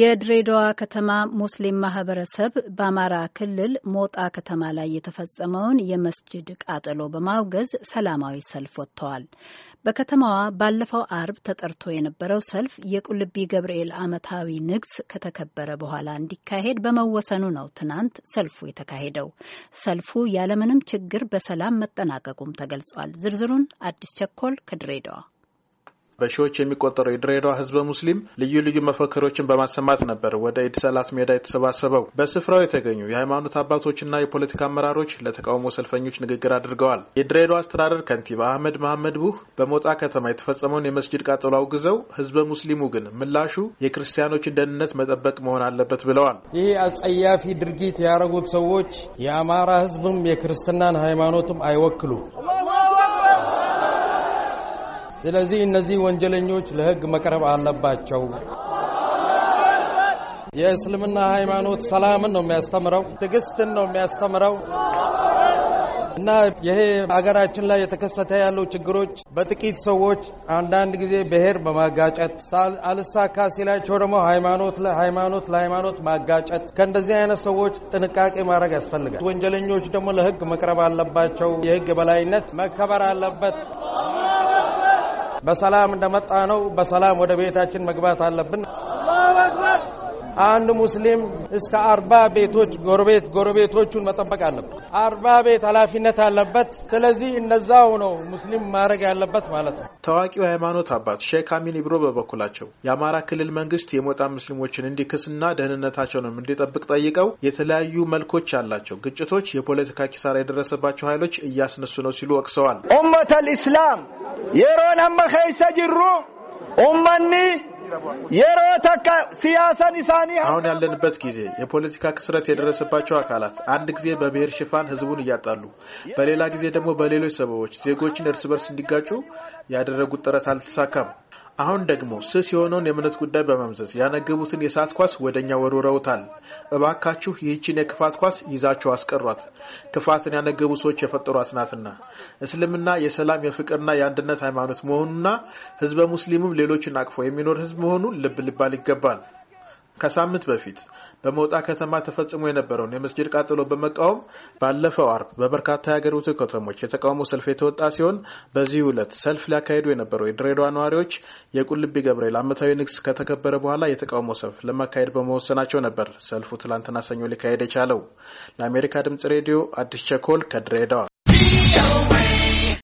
የድሬዳዋ ከተማ ሙስሊም ማህበረሰብ በአማራ ክልል ሞጣ ከተማ ላይ የተፈጸመውን የመስጅድ ቃጠሎ በማውገዝ ሰላማዊ ሰልፍ ወጥተዋል። በከተማዋ ባለፈው አርብ ተጠርቶ የነበረው ሰልፍ የቁልቢ ገብርኤል ዓመታዊ ንግስ ከተከበረ በኋላ እንዲካሄድ በመወሰኑ ነው ትናንት ሰልፉ የተካሄደው። ሰልፉ ያለምንም ችግር በሰላም መጠናቀቁም ተገልጿል። ዝርዝሩን አዲስ ቸኮል ከድሬዳዋ በሺዎች የሚቆጠረው የድሬዳዋ ህዝበ ሙስሊም ልዩ ልዩ መፈክሮችን በማሰማት ነበር ወደ ኢድ ሰላት ሜዳ የተሰባሰበው። በስፍራው የተገኙ የሃይማኖት አባቶችና የፖለቲካ አመራሮች ለተቃውሞ ሰልፈኞች ንግግር አድርገዋል። የድሬዳዋ አስተዳደር ከንቲባ አህመድ መሐመድ ቡህ በሞጣ ከተማ የተፈጸመውን የመስጅድ ቃጠሎ አውግዘው፣ ህዝበ ሙስሊሙ ግን ምላሹ የክርስቲያኖችን ደህንነት መጠበቅ መሆን አለበት ብለዋል። ይህ አጸያፊ ድርጊት ያደረጉት ሰዎች የአማራ ህዝብም የክርስትናን ሃይማኖትም አይወክሉም። ስለዚህ እነዚህ ወንጀለኞች ለሕግ መቅረብ አለባቸው። የእስልምና ሃይማኖት ሰላምን ነው የሚያስተምረው፣ ትዕግስትን ነው የሚያስተምረው እና ይሄ ሀገራችን ላይ የተከሰተ ያለው ችግሮች በጥቂት ሰዎች አንዳንድ ጊዜ ብሔር በማጋጨት አልሳካ ሲላቸው ደግሞ ሃይማኖት ለሃይማኖት ለሃይማኖት ማጋጨት ከእንደዚህ አይነት ሰዎች ጥንቃቄ ማድረግ ያስፈልጋል። ወንጀለኞች ደግሞ ለህግ መቅረብ አለባቸው። የህግ በላይነት መከበር አለበት። በሰላም እንደመጣ ነው በሰላም ወደ ቤታችን መግባት አለብን። አንድ ሙስሊም እስከ አርባ ቤቶች ጎረቤት ጎረቤቶቹን መጠበቅ አለበት። አርባ ቤት ኃላፊነት አለበት። ስለዚህ እነዛው ነው ሙስሊም ማድረግ ያለበት ማለት ነው። ታዋቂው ሃይማኖት አባት ሼክ አሚን ኢብሮ በበኩላቸው የአማራ ክልል መንግስት የሞጣ ሙስሊሞችን እንዲክስና ደህንነታቸውንም እንዲጠብቅ ጠይቀው የተለያዩ መልኮች ያላቸው ግጭቶች የፖለቲካ ኪሳራ የደረሰባቸው ኃይሎች እያስነሱ ነው ሲሉ ወቅሰዋል። ኡመተል ኢስላም የሮን አመኸይሰ ጅሩ ኡመኒ አሁን ያለንበት ጊዜ የፖለቲካ ክስረት የደረሰባቸው አካላት አንድ ጊዜ በብሔር ሽፋን ህዝቡን እያጣሉ፣ በሌላ ጊዜ ደግሞ በሌሎች ሰበቦች ዜጎችን እርስ በርስ እንዲጋጩ ያደረጉት ጥረት አልተሳካም። አሁን ደግሞ ስስ የሆነውን የእምነት ጉዳይ በመምዘዝ ያነገቡትን የሰዓት ኳስ ወደኛ ወርውረውታል። እባካችሁ ይህችን የክፋት ኳስ ይዛችሁ አስቀሯት፣ ክፋትን ያነገቡ ሰዎች የፈጠሯት ናትና። እስልምና የሰላም የፍቅርና የአንድነት ሃይማኖት መሆኑና ህዝበ ሙስሊሙም ሌሎችን አቅፎ የሚኖር ህዝብ መሆኑ ልብ ሊባል ይገባል። ከሳምንት በፊት በመውጣ ከተማ ተፈጽሞ የነበረውን የመስጅድ ቃጥሎ በመቃወም ባለፈው አርብ በበርካታ የሀገሪቱ ከተሞች የተቃውሞ ሰልፍ የተወጣ ሲሆን በዚህ ዕለት ሰልፍ ሊያካሂዱ የነበረው የድሬዳዋ ነዋሪዎች የቁልቢ ገብርኤል ዓመታዊ ንግስ ከተከበረ በኋላ የተቃውሞ ሰልፍ ለማካሄድ በመወሰናቸው ነበር ሰልፉ ትላንትና ሰኞ ሊካሄድ የቻለው። ለአሜሪካ ድምጽ ሬዲዮ አዲስ ቸኮል ከድሬዳዋ